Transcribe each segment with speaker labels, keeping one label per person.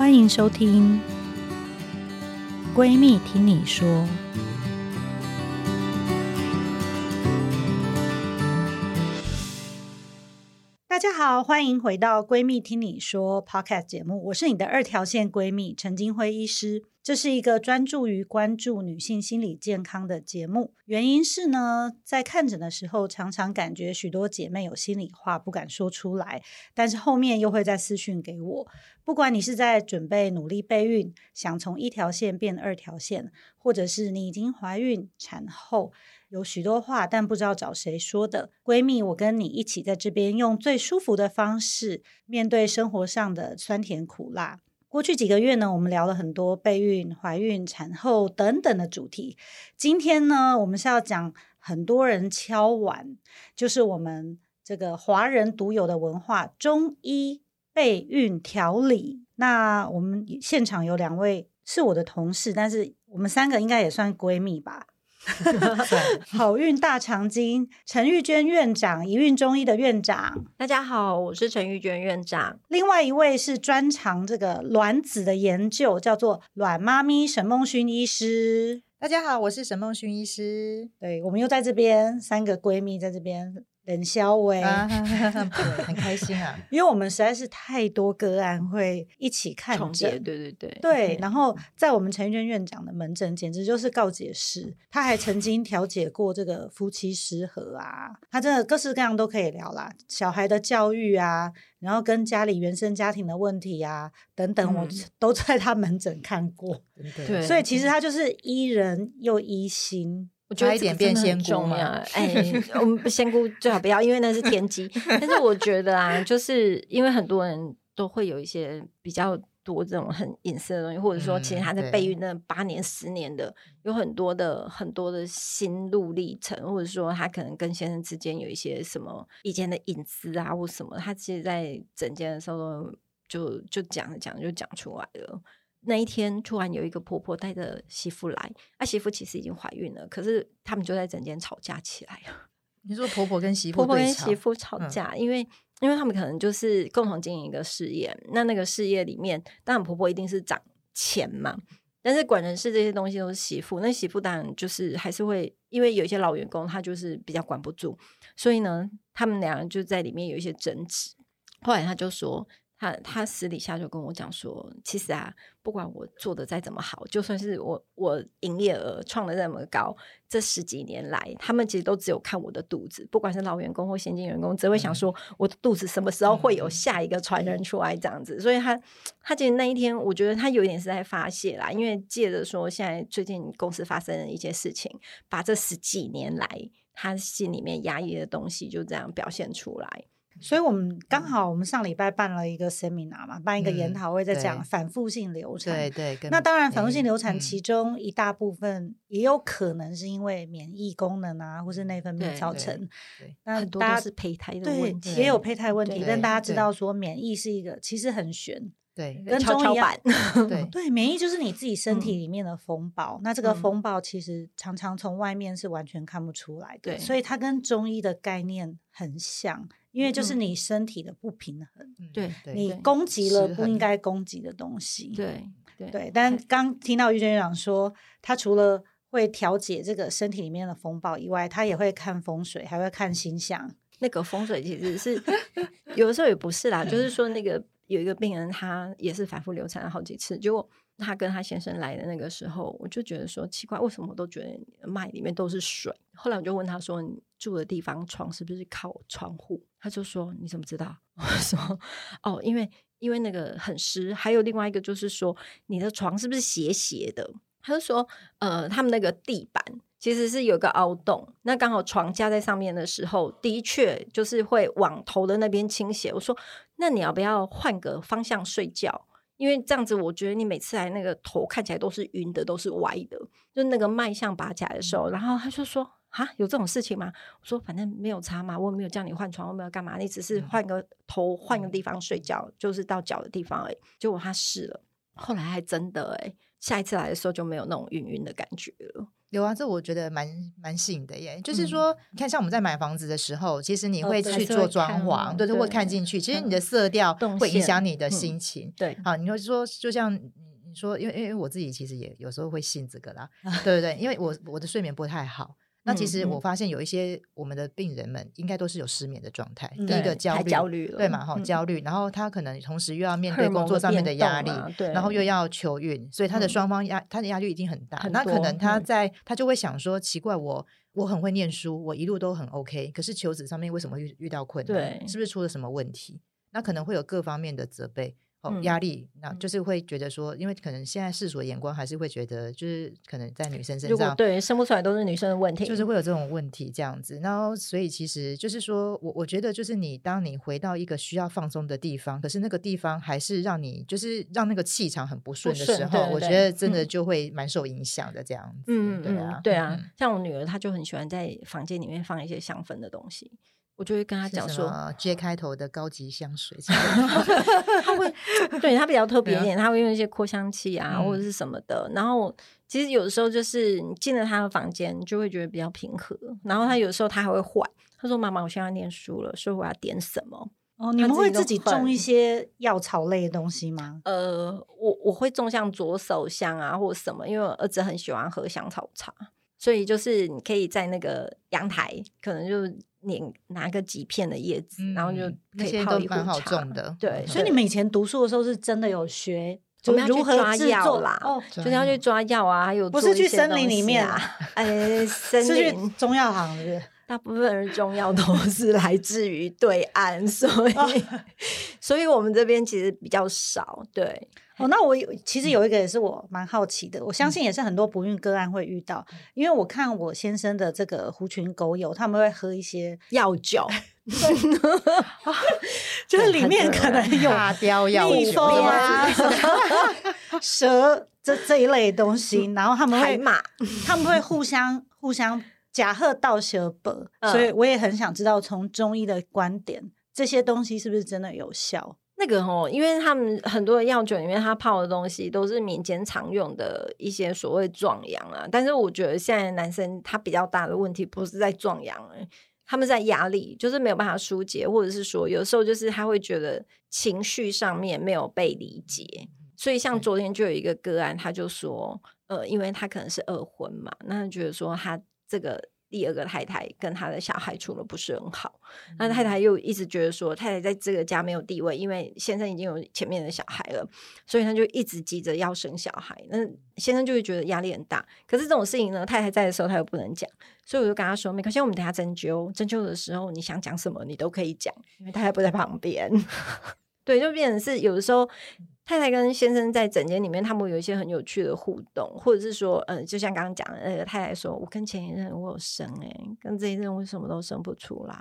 Speaker 1: 歡迎收聽《閨蜜聽你說》。大家好，歡迎回到閨蜜聽你說 Podcast 節目，我是你的二條線閨蜜陳菁徽醫師。這是一個專注於關注女性心理健康的節目。原因是呢，在看診的時候，常常感覺許多姐妹有心裡話不敢說出來，但是後面又會再私訊給我。不管你是在準備努力備孕，想從一條線變二條線，或者是你已經懷孕、產後。有許多話，但不知道找誰說的閨蜜，我跟你一起在這邊用最舒服的方式面對生活上的酸甜苦辣。過去幾個月呢，我們聊了很多備孕、懷孕、產後等等的主題。今天呢，我們是要講很多人敲碗，就是我們這個華人獨有的文化——中醫備孕調理。那我們現場有兩位是我的同事，但是我們三個應該也算閨蜜吧？ 對好孕大長今，陳玉娟院長，一孕中醫的院長，大家好，我是陳玉娟院長。另外一位是專長這個卵子的研究，叫做卵 Mommy 沈孟勳醫師，大家好，我是沈孟勳醫師。對，我們又在這邊，三個閨蜜在這邊。很消微， 很開心啊！ 因為我們實在是太多個案會一起看診、嗯，對對對，對。對然後在我們陳玉娟院長的門診，簡直就是告解室。他還曾經調解過這個夫妻失和啊，他真的各式各樣都可以聊啦，小孩的教育啊，然後跟家裡原生家庭的問題啊等等，我都在他門診看過。對、嗯，
Speaker 2: 所以其實他就
Speaker 1: 是醫人又醫心。我覺得、啊、一點變仙姑嘛， 哎，我
Speaker 2: 們仙姑最好不要，因為那是天機。 但是我覺得啊，就是因為很多人都會有一些比較多這種很隱私的東西，或者說其實他在備孕那八年、嗯、那八年十年的，有很多的很多的心路歷程，或者說他可能跟先生之間有一些什麼以前的隱私啊，或什麼，他其實，在整件的時候都就就講著講著就講出來了。那一天突然有一個婆婆帶着媳婦來，啊，媳婦其實已經懷孕了，可是他們就在診間吵架起來了。你說婆婆跟媳婦，婆婆跟媳婦吵架，嗯、因為因為他們可能就是共同經營一個事業，那那個事業裡面，當然婆婆一定是掌錢嘛，但是管人事這些東西都是媳婦，那媳婦當然就是還是會因為有一些老員工，他就是比較管不住，所以呢，他們倆人就在裡面有一些爭執。後來他就說。他他私底下就跟我講說，其實啊，不管我做的再怎麼好，就算是我我營業額創了那麼高，這十幾年來，他們其實都只有看我的肚子，不管是老員工或新進員工，只會想說我的肚子什麼時候會有下一個傳人出來這樣子。所以他他其實那一天，我覺得他有一點是在發洩啦，因為借着說現在最近公司發生的一些事情，把這十幾年來他心裡面壓抑的東西就這樣表現出來。
Speaker 1: 所以我們剛好，我們上禮拜辦了一個 seminar 嘛，辦一個研討會，在講反覆性流產。對對。那當然，反覆性流產其中一大部分也有可能是因為免疫功能啊，或是內分泌造成。那很多都是胚胎的問題。對，也有胚胎問題，但大家知道說免疫是一個其實很玄。對。跟中醫，蹺蹺板。對對，免疫就是你自己身體裡面的風暴。那這個風暴其實常常從外面是完全看不出來的。對。所以它跟中醫的概念很像。因為就是你身體的不平衡，對、嗯、你攻擊了不應該攻擊的東西，對、嗯、對。但剛聽到玉娟院長說，嗯、他除了會調節這個身體裡面的風暴以外，他也會看風水，嗯、還會
Speaker 2: 看星象。那個風水其實是 有的時候也不是啦， 就是說那個有一個病人，他也是反覆流產了好幾次，結果。他跟他先生來的那個時候，我就覺得說奇怪，為什麼我都覺得你的脈裡面都是水？後來我就問他說：“你住的地方床是不是靠窗戶？”他就說：“你怎麼知道？”我說：“哦，因為因為那個很濕。”還有另外一個就是說，你的床是不是斜斜的？他就說：“呃，他們那個地板其實是有個凹洞，那剛好床架在上面的時候，的確就是會往頭的那邊傾斜。”我說：“那你要不要換個方向睡覺？”因為這樣子，我覺得你每次來那個頭看起來都是暈的，都是歪的，就那個脈象拔起來的時候，然後他就說：“啊，有這種事情嗎？”我說：“反正沒有差嘛，我也沒有叫你換床，我沒有幹嘛，你只是換個頭，換個地方睡覺，就是到腳的地方而已。”結果他試了，後來還真的誒、欸，下一次來的時候就沒有那種暈暈的感覺了。
Speaker 3: 有啊，這我覺得蠻蠻信的耶。就是說，你、嗯、看，像我們在買房子的時候，其實你會去做裝潢，哦、對，就會看進對對去。其實你的色調會影響你的心情，嗯嗯、對啊。你會說，就像你你說，因為因為我自己其實也有時候會信這個啦，啊、對不對，對？因為我我的睡眠不太好。
Speaker 2: 那其實我發
Speaker 3: 現有一些我們的病人們，應該都是有失眠的狀態，嗯、第一個焦慮，焦慮對嘛嗎？哈、嗯，焦慮，然後他可能同時又要面對工作上面的壓力，啊、然後又要求孕，所以他的雙方壓，嗯、他的壓力已經很大。很多那可能他在他就會想說，奇怪，我我很會念書，我一路都很 OK，可是求子上面為什麼遇遇到困難？對，是不是出了什麼問題？那可能會有各方面的責備。壓力，嗯、那就是會覺得說，嗯、因為可能現在世俗眼光還是會覺得，就是可能在女生身上，對，生不出來都是女生的問題，就是會有這種問題這樣子。然後、嗯，所以其實就是說我我覺得，就是你當你回到一個需要放鬆的地方，可是那個地方還是讓你就是讓那個氣場很不順的時候，對對對，我覺得真的就會蠻受影響的這樣
Speaker 2: 子。嗯，嗯，對啊，對啊、嗯，像我女兒，她就很喜歡在房間裡面放一些香氛的東西。我就會跟他講說
Speaker 3: ，J 開頭的高級香水，香
Speaker 2: 水 他會對他比較特別一點，Yeah. 他會用一些擴香器啊，嗯、或者是什麼的。然後其實有的時候就是你進了他的房間，就會覺得比較平和。然後他有時候他還會換，他說：“嗯、媽媽，我現在念書了，所以我要點什麼。”哦，他你們會自己種一些藥草類的東西嗎？呃，我我會種像左手香啊，或者什麼，因為我兒子很喜歡喝香草茶，所以就是你可以在那個陽台，可能就。你拿個幾片的葉子，嗯、然後就可以泡一壺茶。好種的對，嗯、所以你們以前讀書的時候，是真的有學怎麼如何去做啦，哦，就是要、啊哦、要去抓藥啊，還有不是去森林裡面啊，呃、 哎，是去
Speaker 1: 中藥行是。
Speaker 2: 大部分是中藥，都是來自於對岸，所以，所以我們這邊其
Speaker 1: 實比較少。對，哦，那我其實有一個也是我蠻好奇的，我相信也是很多不孕個案會遇到，因為我看我先生的這個狐群狗友，他們會喝一些
Speaker 3: 藥酒，就是裡面可能有辣雕藥蜜蜂啊
Speaker 1: 蛇這這一類東西，然後他們還罵他們會互相互相。假鶴到舌本，吃吃，嗯、所以我也很想知道，從中醫的觀點，這些東西
Speaker 2: 是不是真的有效？
Speaker 1: 那個哦，因
Speaker 2: 為他們很多的藥酒裡面，他泡的東西都是民間常用的一些所謂壯陽啊。但是我覺得現在男生他比較大的問題不是在壯陽，欸，、他們在壓力，就是沒有辦法疏解，或者是說有時候就是他會覺得情緒上面沒有被理解。所以像昨天就有一個個案，他就說，嗯、呃，因為他可能是二婚嘛，那他覺得說他。這個第二個太太跟他的小孩處得不是很好，嗯、那太太又一直覺得說，太太在這個家沒有地位，因為先生已經有前面的小孩了，所以他就一直急着要生小孩。那先生就會覺得壓力很大。可是這種事情呢，太太在的時候他又不能講，所以我就跟他說：沒關係，我們等下針灸，針灸的時候你想講什麼你都可以講，因為太太不在旁邊。 對，就變成是有的時候。嗯太太跟先生在診間裡面，他們有一些很有趣的互動，或者是說，嗯、呃，就像剛剛講的、呃，太太說，我跟前一任，我有生、欸、跟這一任，為什麼都生不出來，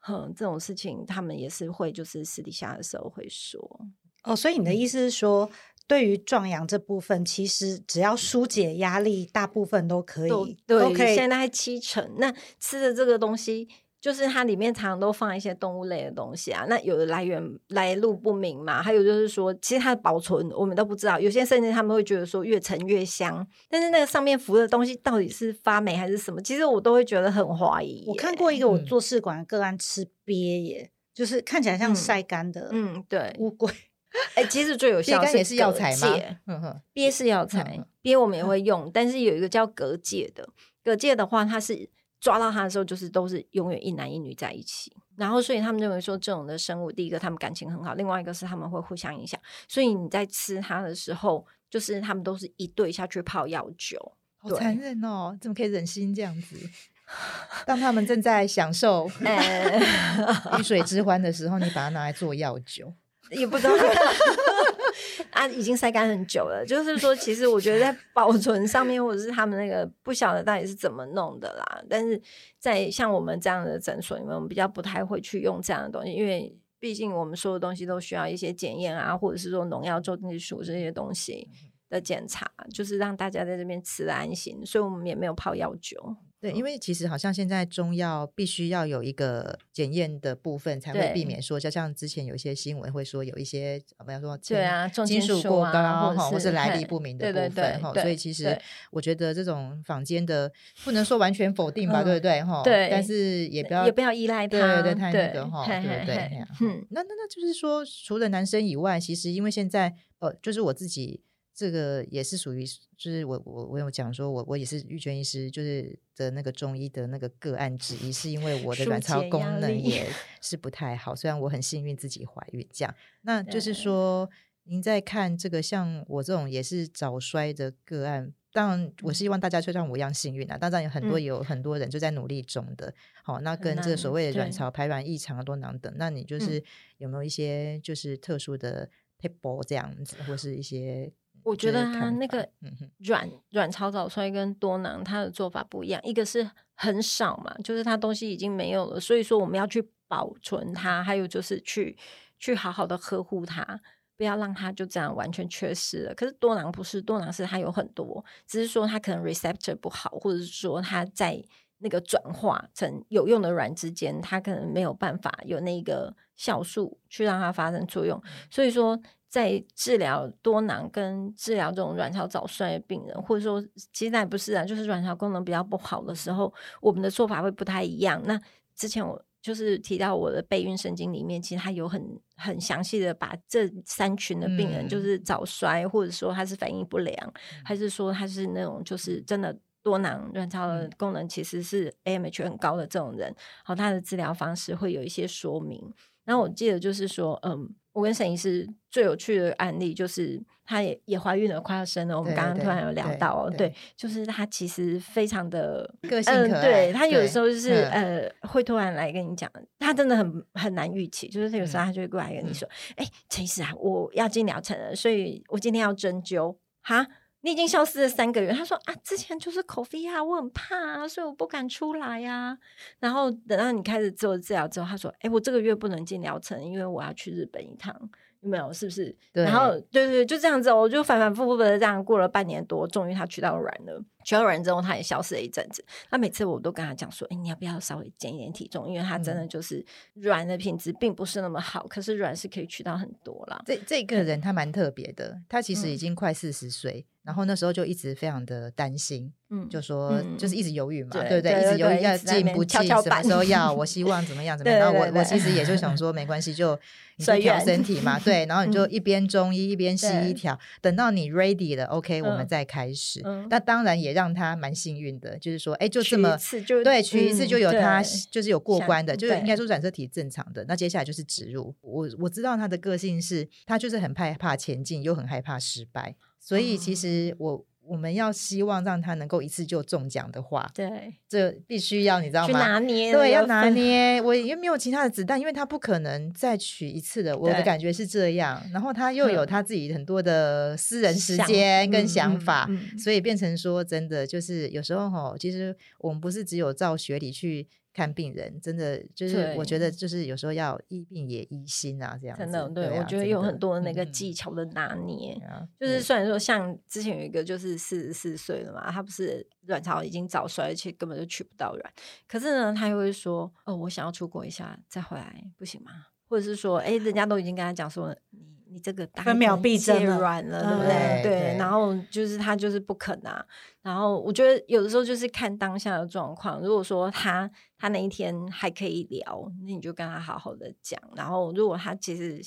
Speaker 2: 哼，這種事情他們也是會，就是私底下的時候會說。哦，所以你的意思是說，
Speaker 1: 對於壯陽這部分，其實只要疏解壓力，大部分都可以，都可以。Okay. 現
Speaker 2: 在還七成，那吃的這個東西。就是它裡面常常都放一些動物類的東西啊，那有的來源來路不明嘛，還有就是說，其實它的保存我們都不知道。有些甚至他們會覺得說越陳越香，但是那個上面浮的東西到底是發霉還是什麼？其實我都會覺得很懷疑、欸。我看過一個我做
Speaker 1: 試管的個案吃鱉耶，嗯、就是看起來像曬乾的，嗯，嗯，對，烏龜。
Speaker 2: 哎，其實最有效的是藥材嗯哼，鱉是藥材，鱉我們也會用，嗯、但是有一個叫蛤蚧的，蛤蚧的話它是。抓到他的時候，就是都是永遠一男一女在一起，然後所以他們認為說，這種的生物，第一個他們感情很好，另外一個是他們會互相影響，所以你在吃它的時候，就是他們都是一對下去泡藥酒，
Speaker 3: 好殘忍哦，怎麼可以忍心這樣子？當他們正在享受魚、 哎哎哎哎、水之歡的時候， 你把它拿來做藥酒，
Speaker 2: 也不知道。 它已經曬乾很久了，就是說，其實我覺得在保存上面， 或者是他們那個不曉得到底是怎麼弄的啦。但是在像我們這樣的診所裡面，我們比較不太會去用這樣的東西，因為畢竟我們所有東西都需要一些檢驗啊，或者是說農藥、重金屬這些東西的檢查，就是讓大家在這邊吃得安心，所以我們也沒有泡藥酒。
Speaker 3: 對，因為其實好像現在中藥必須要有一個檢驗的部分，才會避免說，就像之前有一些新聞會說有一些，不要說對啊，重金屬過高哈，或是來歷不明的部分哈，所以其實我覺得這種坊間的不能說完全否定吧，對不對哈？但是也不要也不要依賴它，太那個哈，對不對？那那那就是說，除了男生以外，其實因為現在呃，就是我自己。這個也是屬於，就是我我我有講說我，我我也是玉娟醫師，就是的那個中醫的那個個案之一，是因為我的卵巢功能也是不太好， 雖然我很幸運自己懷孕這樣，那就是說，對您在看這個像我這種也是早衰的個案，當然我是希望大家就像我一樣幸運啊，當然有很多、嗯、有很多人就在努力中的，嗯、好，那跟這個所謂的卵巢排卵異常、多囊等，那你就是、嗯、有沒有一些就是特殊的 table 這樣子，或是一些。
Speaker 2: 我覺得它那個卵、嗯、卵巢早衰跟多囊，它的做法不一樣。一個是很少嘛，就是它東西已經沒有了，所以說我們要去保存它，還有就是去去好好的呵護它，不要讓它就這樣完全缺失了。可是多囊不是，多囊是它有很多，只是說它可能 receptor 不好，或者是說它在那個轉化成有用的卵之間，它可能沒有辦法有那個酵素去讓它發生作用，所以說。在治療多囊跟治療這種卵巢早衰的病人，或者說其實那也不是啊，就是卵巢功能比較不好的時候，我們的做法會不太一樣。那之前我就是提到我的備孕聖經裡面，其實它有很很詳細的把這三群的病人，就是早衰，嗯、或者說他是反應不良，還是說他是那種就是真的多囊卵巢的功能其實是 AMH 很高的這種人，好，他的治療方式會有一些說明。然後我記得就是說，嗯，我跟沈醫師最有趣的案例，就是她也也懷孕了，快要生了。對我們剛剛突然有聊到哦，對，對，對，對，就是她其實非常的個性，嗯、呃，對她有時候就是對呃，對會突然來跟你講，她真的很對很難預期，就是她有時候她就會過來跟你說，哎、嗯，陳、欸、醫師啊，我要進療程了，所以我今天要針灸哈。你已經消失了三個月。他說啊，之前就是口服液啊，我很怕啊，所以我不敢出來呀、啊。然後等到你開始做了治療之後，他說，哎、欸，我這個月不能進療程，因為我要去日本一趟。有沒有，是不是？對 然後，對對對，就這樣子、哦，我就反反复复的這樣過了半年多，終於他取到卵了。取完卵之後，他也消失了一陣子。那每次我都跟他講說：“哎，你要不要稍微減一點體重？因為他真的就是卵的品質並不是那麼好。可是卵是可以取到很多啦。這這
Speaker 3: 個人他蠻特別的，他其實已經快四十歲，然後那時候就一直非常的擔心，嗯，就說就是一直猶豫嘛，對不對？一直猶豫要進不進，什麼時候要？我希望怎麼樣？怎麼樣？我我其實也就想說，沒關係，就你調身體嘛，對。然後你就一邊中醫一邊西醫調，等到你 ready 了，OK，我們再開始。那當然也。讓他蠻幸運的，就是說，哎，就這麼，對，取一次就有他，嗯、就是有過關的，就應該說染色體正常的。那接下來就是植入。我我知道他的個性是，他就是很害怕前進，又很害怕失敗，所以其實我。嗯我們要希望讓他能夠一次就中獎的話，對，這必須要你知道嗎？去拿捏，對，要拿捏。 我也沒有其他的子彈，因為他不可能再取一次的。對我的感覺是這樣。然後他又有他自己很多的私人時間跟想法，嗯嗯嗯嗯、所以變成說，真的就是有時候吼，其實我們不是只有照學理去。看病人真的就是，我覺得就是有時候要醫病也醫心啊，這樣子。真的，對，對啊、我覺得有很
Speaker 2: 多的那個技巧的拿捏。嗯、就是雖然說，像之前有一個，就是四十四歲了嘛，他不是卵巢已經早衰，而且根本就取不到卵。可是呢，他又會說：“哦，我想要出國一下再回來，不行嗎？”或者是說：“哎、欸，人家都已經跟他講說你。”你這個他秒必軟了，了對不對？對，對對，然後就是他就是不肯啊。然後我覺得有的時候就是看當下的狀況。如果說他他那一天還可以聊，那你就跟他好好的講。然後如果他其實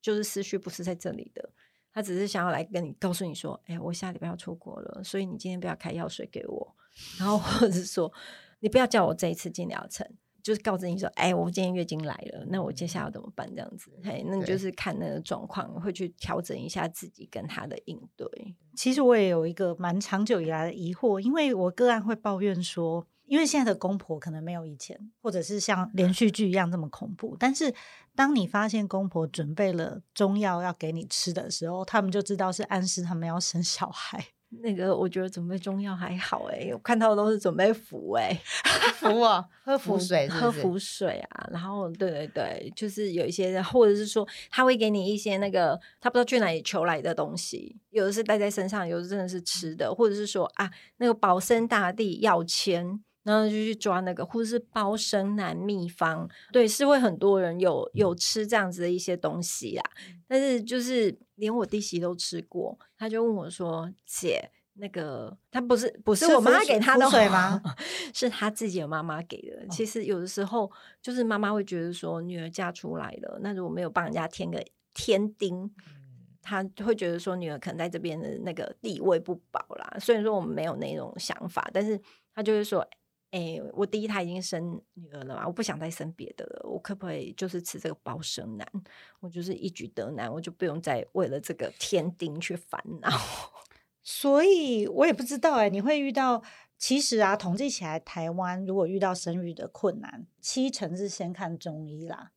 Speaker 2: 就是思緒不是在這裡的，他只是想要來跟你告訴你說：“哎，我下禮拜要出國了，所以你今天不要開藥水給我。”然後或者說你不要叫我這一次進療程。就是告知你說，哎、欸，我今天月經來了，那我接下來要怎麼辦？這樣子，嘿，那你就是看那個狀況，對會去調整一下自己跟他的應對。其實我也有一個蠻長久以來的疑
Speaker 1: 惑，因為我個案會抱怨說，因為現在的公婆可能沒有以前，或者是像連續劇一樣這麼恐怖。對 但是，當你發現公婆準備了中藥要給你吃的時候，他們就知道是暗示他們要生小孩。
Speaker 2: 那個我覺得準備中藥還好誒、欸，我看到的都是準備符誒、欸， 符啊，喝符水是、是，喝符水啊，然後對對對，就是有一些人或者是說他會給你一些那個他不知道去哪裡求來的東西，有的是帶在身上，有的真的是吃的，或者是說啊那個保生大帝藥籤。然後就去抓那個，或者是包生男秘方，對，是會很多人有有吃這樣子的一些東西啊。但是就是連我弟媳都吃過，他就問我說：“姐，那個他不是不是我媽媽給他的水嗎？是他自己的媽媽給的。哦、其實有的時候就是媽媽會覺得說女兒嫁出來了，那如果沒有幫人家添個添丁，嗯、她會覺得說女兒可能在這邊的那個地位不保啦。雖然說我們沒有那種想法，但是她就是說。”哎、欸，我第一胎已經生女兒了嘛，我不想再生別的了。我可不可以就是吃這個包生男？我就是一舉得男，我就不用再為了這個添丁去煩惱。 所以我也不知道哎、欸，你會
Speaker 1: 遇到。其實啊，統計起來，台灣如果遇到生育的困難，七成是
Speaker 2: 先看中醫啦，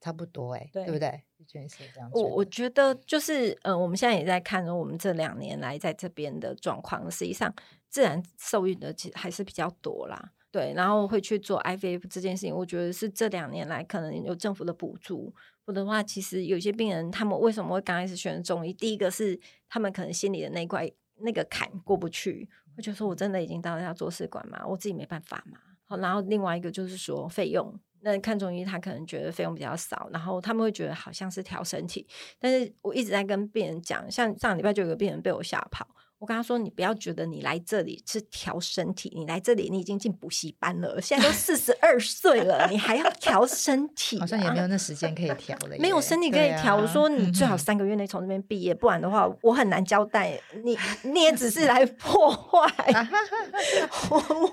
Speaker 2: 差
Speaker 3: 不多哎、欸，對，對不對？我覺得是這樣。我
Speaker 2: 我覺得就是，嗯、呃，我們現在也在看我們這兩年來在這邊的狀況。實際上。自然受孕的其實還是比較多啦，對，然後會去做 IVF 這件事情，我覺得是這兩年來可能有政府的補助。不然的話，其實有些病人他們為什麼會剛開始選擇中醫？第一個是他們可能心裡的那塊那個坎過不去，我就說我真的已經到了要做試管嘛，我自己沒辦法嘛。好，然後另外一個就是說費用，那看中醫他可能覺得費用比較少，然後他們會覺得好像是調身體。但是我一直在跟病人講，像上禮拜就有個病人被我嚇跑。我跟他說：“你不要覺得你來這裡是調身體，你來這裡你已經進補習班了。現在都四十二歲了，你還要調身體？好像也沒有那時間可以調了。沒有身體可以調。我說你最好三個月內從這邊畢業，不然的話我很難交代。你你也只是來破壞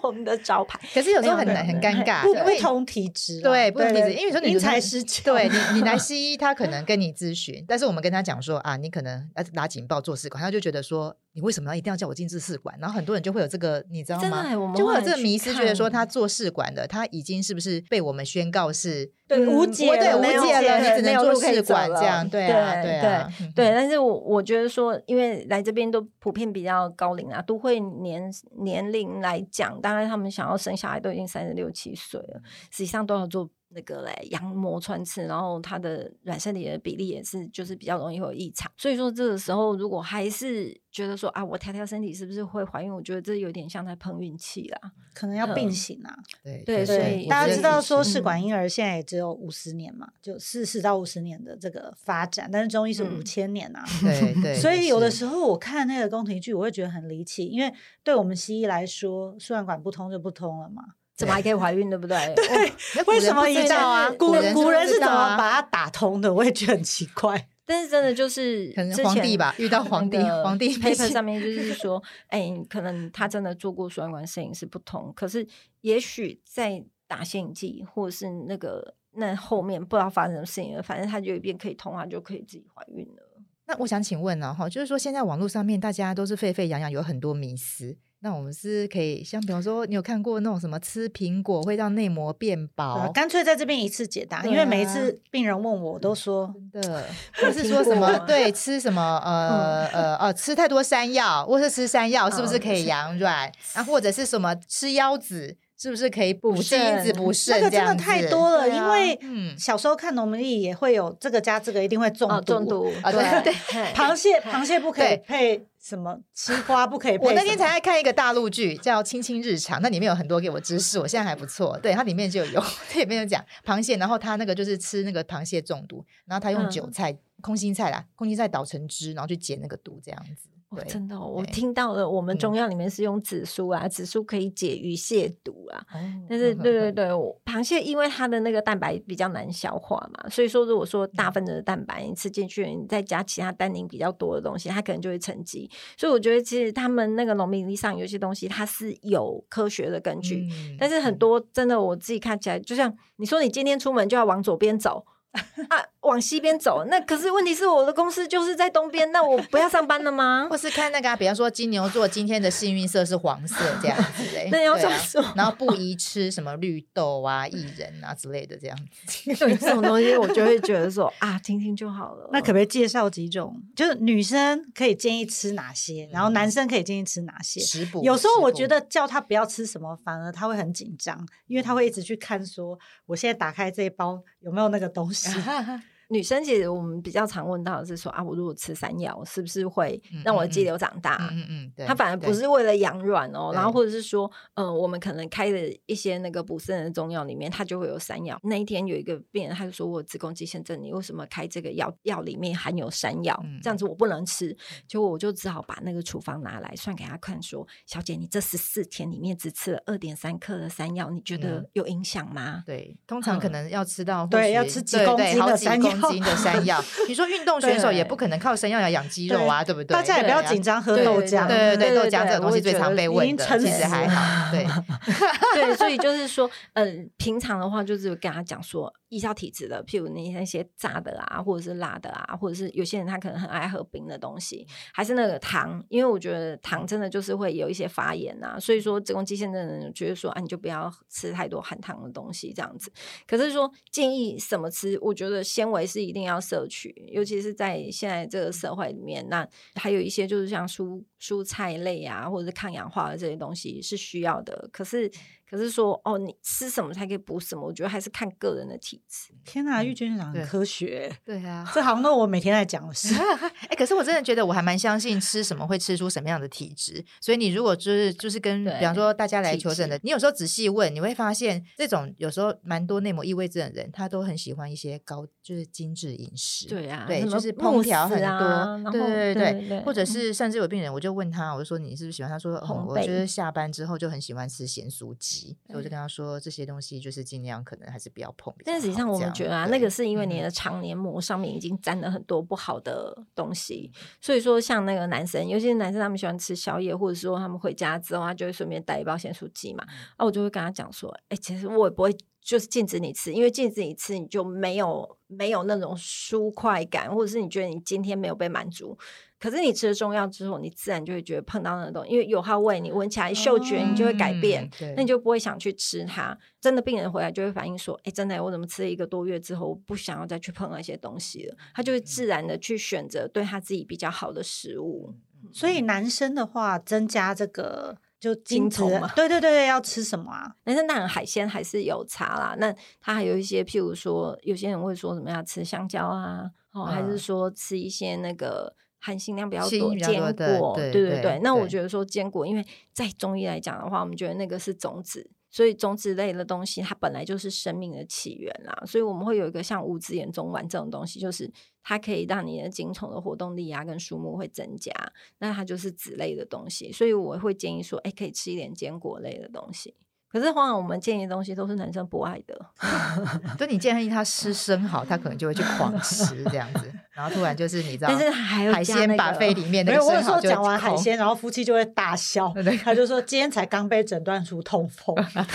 Speaker 2: 我們的招牌。可是有時候很難，很尷尬，不不同體質。對，不同體質。因為說你才失缺。對，你來西
Speaker 3: 醫，他可能跟你諮詢，但是我們跟他講說啊，你可能要拿警報做試管，他就覺得說。”你為什麼要一定要叫我進第試管？然後很多人就會有這個，你知道嗎？會就會有這個迷思，覺得說他做試管的，他已經是不是被我們宣告是對、嗯、無解的、對無解的，無解了你只能做試管對了這樣？對啊，對啊
Speaker 2: 對、嗯、哼對。但是我，我我覺得說，因為來這邊都普遍比較高齡啊，都會年年齡來講，大概他們想要生小孩都已經三十六七歲了，實際上都要做。那個嘞，羊膜穿刺，然後它的染色體的比例也是，就是比較容易會有異常。所以說這個時候，如果還是覺得說啊，我調調身體是不是會懷孕？我覺得這有點像在碰運氣啦，可能要並行啊。對、嗯、對，所以大家知道說，試管
Speaker 1: 嬰兒現在也只有五十年嘛，嗯、就四十到五十年的這個發展，但是中醫是五千年啊。對、嗯、對。對 所以有的時候我看那個宮廷劇，我會覺得很離奇，因為對我們西醫來說，輸卵管不通就不通了嘛。對怎麼還可以懷孕？對不對？對，哦、為什麼一道啊？古人啊古人是怎麼把它打通的？我也覺得很奇怪。
Speaker 2: 但是真的就是可能皇帝吧？ 遇到皇帝，嗯、皇帝 paper 上面就是說， 哎，可能他真的做過輸卵管攝影是不通，可是也許在打顯影或者是那個那後面不知道發生什麼事情了，反正他就一邊可以通啊，就可以自己懷孕
Speaker 3: 了。那我想請問呢，哈，就是說現在網絡上面大家都是沸沸揚揚，有很多迷思。那我們是可以像，比方說，你有看過那種什麼吃蘋果會讓內膜變薄？乾脆在
Speaker 1: 這邊一次解答，嗯啊、因為每一次病人問我，我都說、嗯、的，不是說什麼、啊、對，
Speaker 3: 吃什麼，呃呃呃，吃太多山藥，或是吃山藥、哦、是不是可以養卵？是啊，或者是什麼吃腰子？是不是可以補腎？精子不這子是、那個真的太多了，啊、因
Speaker 1: 為小時候看農民曆也會有這個加這個一定會中毒。哦、中毒，對，對，對，螃蟹螃蟹不可以配什麼？對青花不可以配。配。我那天才在
Speaker 3: 看一個大陸劇叫《卿卿日常》，那裡面有很多給我知識，我現在還不錯。對，它裡面就有，它裡面有講螃蟹，然後它那個就是吃那個螃蟹中毒，然後它用韭菜、嗯、空心菜啦，空心菜搗成汁，然後去解那個毒這樣子。
Speaker 2: Oh, 真的、哦，對我聽到了。我們中藥裡面是用紫蘇啊，嗯、紫蘇可以解魚蟹毒啊。嗯、但是，對對對，嗯、螃蟹因為它的那個蛋白比較難消化嘛，所以說如果說大分子的蛋白，嗯、你吃進去，你再加其他單寧比較多的東西，它可能就會沉積。所以我覺得，其實他們那個農民曆上有些東西，它是有科學的根據。嗯、但是很多真的，我自己看起來，就像你說，你今天出門就要往左邊走，嗯 往西邊走，那可是問題是，我的公司就是在東邊，那我不要上班了嗎？或 是看那個、啊，比方說金牛座今天的幸運色是黃色，這樣子的、欸。 那你要這麼說、
Speaker 3: 啊，然後不宜吃什麼綠豆啊、薏仁啊之類的，這
Speaker 2: 樣子。所以 這種東西，我就會覺得說 啊，聽聽就好了。那可不
Speaker 3: 可以介紹幾種？
Speaker 1: 就是女生可以建議吃哪些，然後男生可以建議吃哪些食補？嗯、有時候我覺得叫他不要吃什麼飯，反而他會很緊張，因為他會一直去看說，我現在打開
Speaker 2: 這一包有沒有那個東西。 女生其實我們比較常問到的是說啊，我如果吃山藥，是不是會讓我的肌瘤長大？嗯嗯，嗯，嗯，對，她反而不是為了養卵哦，對然後或者是說，嗯、呃，我們可能開的一些那個補腎的中藥裡面，它就會有山藥。那一天有一個病人，他就說我有子宮肌腺症，你為什麼開這個藥？藥裡面含有山藥，嗯、這樣子我不能吃，結果我就只好把那個處方拿來算給她看說，說小姐，你這十四天裡面只吃了二點三克的山藥，你覺得有影響嗎？嗯、對，通常可能要吃到、嗯、對，要吃幾公斤的山。 基因的山藥，
Speaker 3: 你說運動選手也不可能靠山藥來養肌肉啊，對不對？大家也不要緊張喝豆漿，對對對，豆漿這個東西最常被問的，其實還
Speaker 2: 好。對對，所以就是說，嗯，平常的話就是跟他講說。易消體質的，譬如那那些炸的啊，或者是辣的啊，或者是有些人他可能很愛喝冰的東西，還是那個糖，因為我覺得糖真的就是會有一些發炎吶、啊，所以說子宮肌腺的人覺得說啊，你就不要吃太多含糖的東西這樣子。可是說建議什麼吃，我覺得纖維是一定要攝取，尤其是在現在這個社會裡面，那還有一些就是像蔬蔬菜類啊，或者是抗氧化的這些東西是需要的。可是。可是說哦，你吃什麼才可以補什麼？我覺得還是看個人的體質。
Speaker 1: 天哪，玉娟院長
Speaker 2: 很科學。對
Speaker 1: 啊，這
Speaker 3: 好像我每天在講的是。哎，可是我真的覺得我還蠻相信吃什麼會吃出什麼樣的體質。所以你如果就是就是跟，比方說大家來求診的，你有時候仔細問，你會發現這種有時候蠻多內膜異位症的人，他都很喜歡一些高就是精致飲食。對啊，對，就是烹調很多。對對對，或者是甚至有病人，我就問他，我就說你是不是喜歡？他說哦，我就是下班之後就很喜歡吃鹹酥雞。我就跟他說、嗯、這些東西就是盡量可能還是不要碰比較好。但實際上我們覺得啊，
Speaker 2: 樣對那個是因為你的腸黏膜上面已經沾了很多不好的東西，嗯、所以說像那個男生，尤其是男生，他們喜歡吃宵夜，或者說他們回家之後，他就會順便帶一包鹹酥雞嘛。那、啊、我就會跟他講說，哎、欸，其實我也不會。就是禁止你吃，因為禁止你吃，你就沒有沒有那種舒快感，或者是你覺得你今天沒有被滿足。可是你吃了中藥之後，你自然就會覺得碰到那個東西，因為有哈味，你聞起來、嗯、嗅覺你就會改變，嗯、那你就不會想去吃它。真的，病人回來就會反映說：“哎、欸，真的，我怎麼吃了一個多月之後，我不想要再去碰那些東西了？”他就會自然的去選擇對他自己比較好的食物。所以男生的話，增加這個。就精蟲嘛，對對對對，要吃什麼啊？但那當然海鮮還是有差啦。那它還有一些，譬如說，有些人會說什麼要吃香蕉啊，哦嗯、還是說吃一些那個含鋅量比較多，比較多的堅果，對對對。那我覺得說堅果，因為在中醫來講的話，我們覺得那個是種子。所以種子類的東西，它本來就是生命的起源啦。所以我們會有一個像五子衍宗丸這種東西，就是它可以讓你的精蟲的活動力啊跟數目會增加。那它就是子類的東西，所以我會建議說，哎、欸，可以吃一點堅果類的東西。可是往往我們建議的東西都是男生不愛的，
Speaker 3: 所以你建議他吃生蠔，他可能就會去狂吃這樣子。然後突然就是你知道，就是海鮮吧、那個，肺裡面的，沒有。我有時候講完海鮮，
Speaker 1: 然後夫妻就會大笑，他對就說今天才剛被診斷出痛風，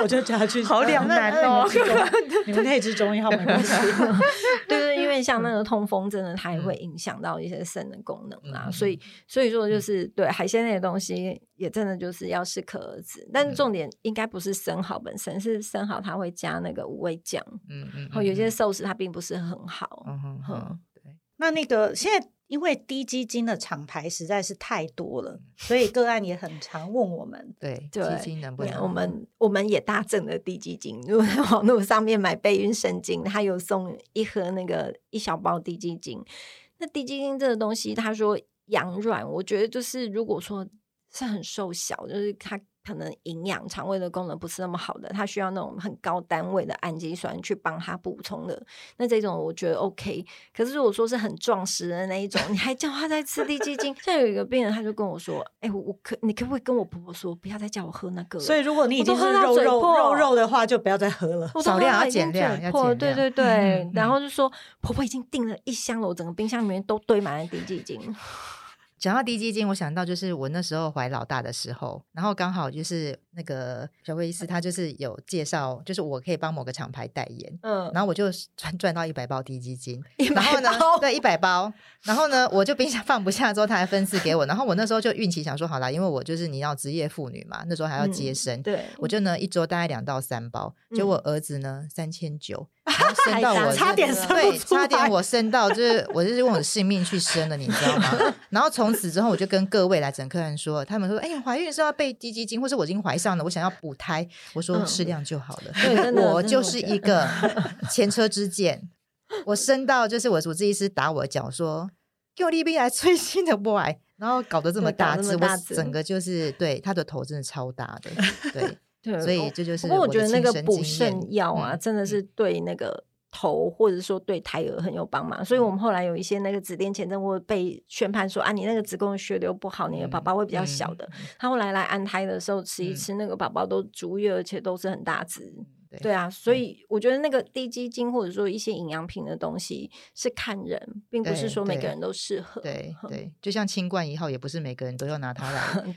Speaker 1: 我 就叫他去。好兩難哦、喔，你， 你們那只中醫好沒關
Speaker 2: 係。對，對。像那個痛風，真的它也會影響到一些腎的功能、啊嗯、所以所以說就是對海鮮那些東西，也真的就是要適可而止。但是重點應該不是生蠔本身，是生蠔它會加那個五味醬、嗯，嗯嗯，然後有些壽司它並不是很好，嗯哼，
Speaker 1: 嗯嗯嗯對。那那個現在。因為滴雞精的廠牌實在是太多了，所以個案
Speaker 2: 也很常問我們， 對，
Speaker 1: 滴雞精能不能？我們
Speaker 2: 我們也大正的滴雞精，如果在網絡上面買備孕聖經，他有送一盒那個一小包滴雞精。那滴雞精這個東西，他說養卵，我覺得就是如果說是很瘦小，就是他。可能營養腸胃的功能不是那麼好的，他需要那種很高單位的氨基酸去幫他補充的。那這種我覺得 OK，可是如果說是很壯實的那一種，你還叫他在吃滴雞精？ 像有一個病人，他就跟我說：“哎、欸，我可你可不可以跟我婆婆說，不要再叫我喝那個了？”所以如果你已經是肉肉喝肉肉的話，就不要再喝了，喝了少量要減量，要減量，對對對，嗯、然後就說婆婆已經訂了一箱了，我整個冰箱裡面都堆滿了滴雞精。講到滴雞精，我想到就是我那時候懷
Speaker 3: 老大的時候，然後剛好就是那個小魏醫師，他就是有介紹，就是我可以幫某個廠牌代言，嗯，然後我就賺賺到一百包滴雞精，一百包？然後呢，對，一百包，然後呢，我就冰箱放不下，之後他還分次給我， 然後我那時候就孕期想說好啦，因為我就是你要職業婦女嘛，那時候還要接生，嗯，對，我就呢一周大概兩到三包，就我兒子呢三千九。3, 生到我差點生不出來。對，差點我生到就是我就是用我的性命去生了，你知道嗎？ 然後從此之後我就跟各位來診客人說，他們說：“哎，懷孕是要備滴雞精，或是我已經懷上了，我想要補胎。嗯”我說：“適量就好了。對” 我就是一個前車之鑑。 我生到就是我，我自己是打我的腳我說：“我律賓來催新的 boy”，然後搞得這麼大只，大我整個就是對他的頭真的超大的，對。 所以這就是。不過我覺得那個補腎
Speaker 2: 藥啊，真的是對那個頭或者說對胎兒很有幫忙。所以我們後來有一些那個子癲前症，會被宣判說啊，你那個子宮血流不好，你的寶寶會比較小的。他後來來安胎的時候吃一吃，那個寶寶都足月，而且都是很大隻。對啊，所以我覺得那個滴雞精或者說一些營養品的東西是看人，並不是說每個人都適合。對對，
Speaker 3: 就像清冠一號，也不是每個人都要拿它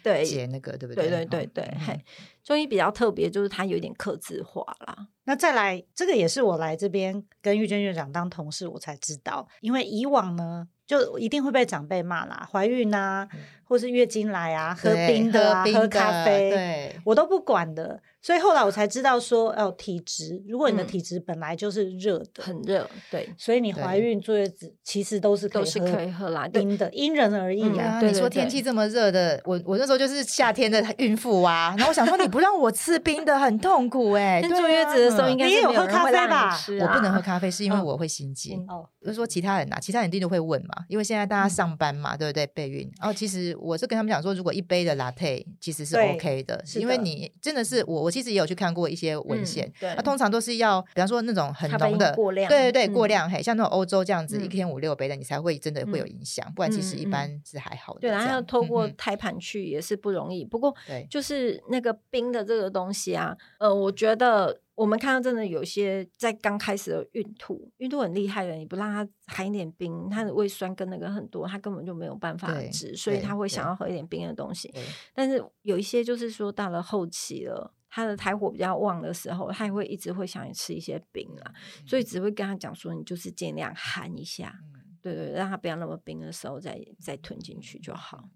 Speaker 3: 來解那個，對不對？對對
Speaker 2: 對對。所以比較特別，就是它有點客製化啦。
Speaker 1: 那再來，這個也是我來這邊跟玉娟院長當同事，我才知道。因為以往呢，就一定會被長輩罵啦，懷孕啊，嗯、或是月經來啊，喝冰的、啊、對喝冰的喝咖啡，對我都不管的。所以後來我才知道說，哦，體質，如果你的體質本來就是熱的，很熱，對，所以你懷孕坐月子其實都是都是可以喝啦，因的因人而異啊。你說天氣
Speaker 3: 這麼熱的，我我那時候就是夏天的孕婦啊，然後我想說你不讓我吃冰的很痛苦哎。坐月子的時候應該也有喝咖啡吧？我不能喝咖啡是因為我會心悸，就是說其他人啊，其他人一定都會問嘛，因為現在大家上班嘛，對不對？備孕，然後其實我是跟他們講說，如果一杯的 latte 其實是 OK 的，是因為你真的是我。我其實也有去看過一些文獻，那通常都是要，比方說那種很濃的，過量，對對對，過量，嘿，像那種歐洲這樣子，一天五六杯的，你才會真的會有影響，不然其實一般是還好的。對，
Speaker 2: 然後要透過胎盤去也是不容易，不過就是那個冰的這個東西啊，呃，我覺得我們看到真的有些在剛開始的孕吐，孕吐很厲害的，你不讓他含一點冰，他的胃酸跟那個很多，他根本就沒有辦法吃，所以他會想要喝一點冰的東西。但是有一些就是說到了後期了。他的胎火比較旺的時候，他也會一直會想吃一些冰啦、啊，嗯、所以只會跟他講說，你就是盡量含一下，嗯、對，對對，讓他不要那麼冰的時候再再吞進去就好。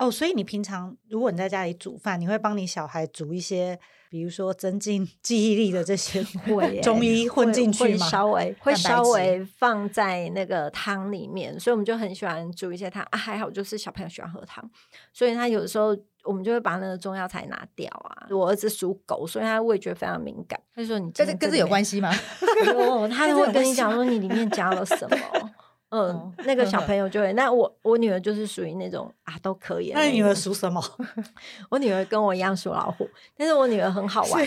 Speaker 2: 哦，所以你平常如果你
Speaker 1: 在家裡煮飯，你會幫你小孩煮一些，比如說增進記憶力的這些， 會耶 中醫混進去嗎？會會稍微會稍微
Speaker 2: 放在那個湯裡面，所以我們就很喜歡煮一些湯。啊，還好就是小朋友喜歡喝湯，所以他有時候，我們就會把那個中藥材拿掉啊。 我兒子屬狗，所以他味覺非常敏感， 他就說，你這個跟這有關係嗎？有，他就會跟你講說你裡面加了什麼。 嗯，那個小朋友就會。那我我女兒就是屬於那種啊，都可以。那你女兒屬什麼？我女兒跟我一樣屬老虎，但是我女兒很好玩。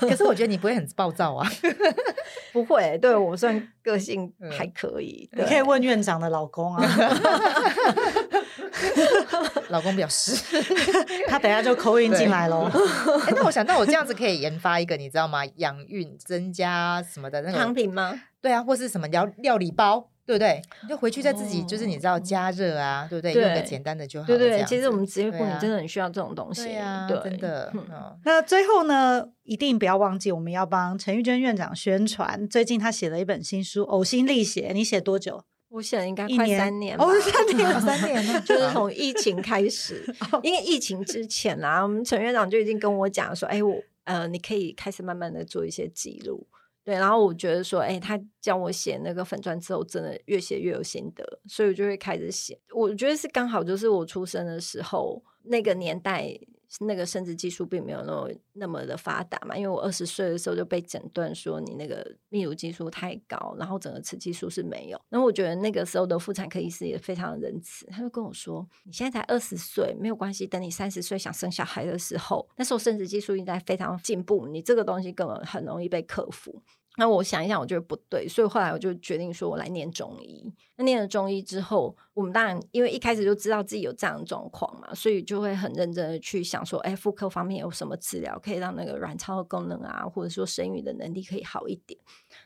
Speaker 2: 可是我覺得你不會很暴躁啊？不會，對我算個性還可以。你可以問院長的老公啊。
Speaker 3: 老公表示，他等下就 call in 進來嘍。欸，那我想，那我這樣子可以研發一個，你知道嗎？養孕增加什麼的那個產品嗎？對啊，或是什麼料料理包。對不對？你就回去再自己，就是你知道加熱啊，對不對？用個簡單的就好。對對，其實我
Speaker 2: 們職業婦女真的很
Speaker 3: 需要這種東西。對，真的。
Speaker 1: 那最後呢，一定不要忘記我們要幫陳玉娟院長宣傳。最近她寫了一本新書，嘔心瀝血。你寫多久？
Speaker 2: 我寫了應該快三年。三年，三年。就是從疫情開始，因為疫情之前啊，我們陳院長就已經跟我講說：“哎，我呃，你可以開始慢慢的做一些記錄。”對，然後我覺得說，哎、欸，他教我寫那個粉專之後，真的越寫越有心得，所以我就會開始寫。我覺得是剛好就是我出生的時候那個年代。那個生殖技術並沒有那麼那麼的發達嘛，因為我二十歲的時候就被診斷說你那個泌乳激素太高，然後整個雌激素是沒有。那我覺得那個時候的婦產科醫師也非常仁慈，他就跟我說：“你現在才二十歲，沒有關係，等你三十歲想生小孩的時候，那時候生殖技術應該非常進步，你這個東西根本很容易被克服。”那我想一想，我覺得不對，所以後來我就決定說我來念中醫。那念了中醫之後，我們當然，因為一開始就知道自己有這樣的狀況嘛，所以就會很認真的去想說，哎、欸，婦科方面有什麼治療可以讓那個卵巢的功能啊，或者說生育的能力可以好一點。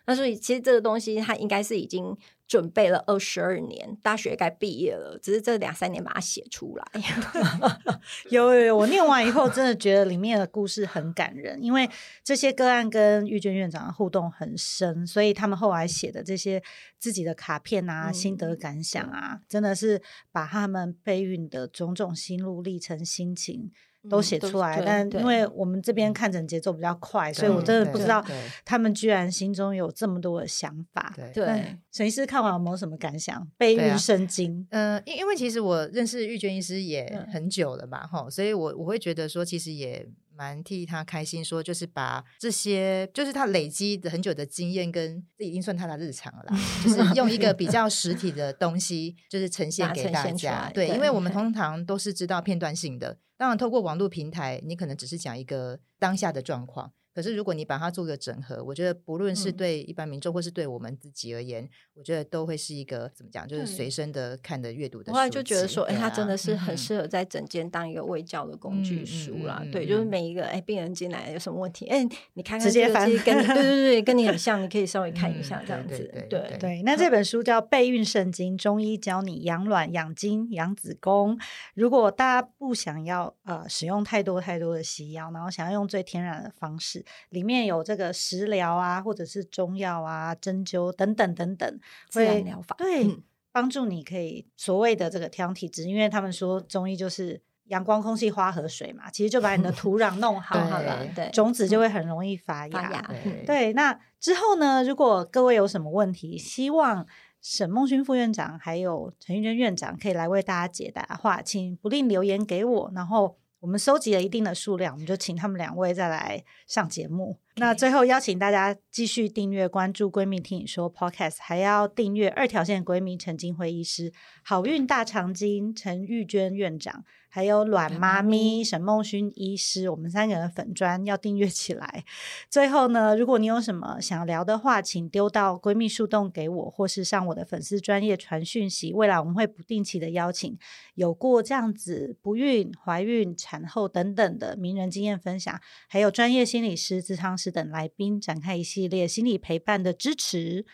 Speaker 2: 那所以其實這個東西，他應該是已經準備了二十二年，大學該畢業了，只是這兩三年把它寫出來。 有有有，我念完
Speaker 1: 以後真的覺得裡面的故事很感人， 因為這些個案跟玉娟院長的互動很深，所以他們後來寫的這些自己的卡片啊、嗯、心得感想啊，真。真的是把他們備孕的種種心路歷程、心情都寫出來，嗯、但因為我們這邊看診節奏比較快，對所以我真的不知道他們居然心中有這麼多的想法。對，沈醫師看完有沒有什麼感想？備孕聖經，
Speaker 3: 嗯、啊，因、呃、因為其實我認識玉娟醫師也很久了嘛。吼對，所以我我會覺得說，其實也，蠻替他開心，說就是把這些，就是他累積很久的經驗跟，跟這已經算他的日常了， 就是用一個比較實體的東西，就是呈現給大家。 對，因為我們通常都是知道片段性的，對當然透過網絡平台，你可能只是講一個當下的狀況。可是如果你把它做個整合，我覺得不論是對一般民眾或是對我們自己而言，我覺得都會是一個怎麼講，就是隨身的看的閱讀的書。就覺得說，哎，它真的是很
Speaker 2: 適合在診間當一個衛教的工具書啦。對，就是每一個哎，病人進來有什麼問題，哎，你看看直接翻，跟你對對對，
Speaker 1: 跟你很像，你可以稍微看一下這樣子。對對。那這本書叫《備孕聖經》，中醫教你養卵、養精、養子宮。如果大家不想要呃使用太多太多的西藥，然後想要用最天然的方式。裡面有這個食療啊，或者是中藥啊、針灸、等等等等，自然療法對，幫、嗯、助你可以所謂的這個調體質，因為他們說中醫就是陽光、空氣、花和水嘛，其實就把你的土壤弄好好了， 對，啊、對，對，種子就會很容易發芽。嗯、發芽對，那之後呢，如果各位有什麼問題，希望沈孟勳副院長還有陳玉娟院長可以來為大家解答的話，請不吝留言給我，然後。我們收集了一定的數量，我們就請他們兩位再來上節目。Okay. 那最後邀請大家繼續訂閱關注“閨蜜聽你說 ”Podcast，還要訂閱二條線閨蜜陳菁徽醫師、好孕大長今陳玉娟院長，還有卵媽咪沈孟勳醫師，我們三個人的粉專要訂閱起來。最後呢，如果你有什麼想聊的話，請丟到閨蜜樹洞給我，或是上我的粉絲專業傳訊息。未來我們會不定期的邀請有過這樣子不孕、懷孕、產後等等的名人經驗分享，還有專業心理師、諮商師。等來賓展開一系列心理陪伴的支持。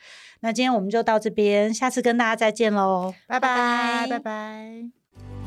Speaker 1: 那今天我們就到這邊，下次跟大家再見嘍，
Speaker 3: 拜拜拜拜，拜拜。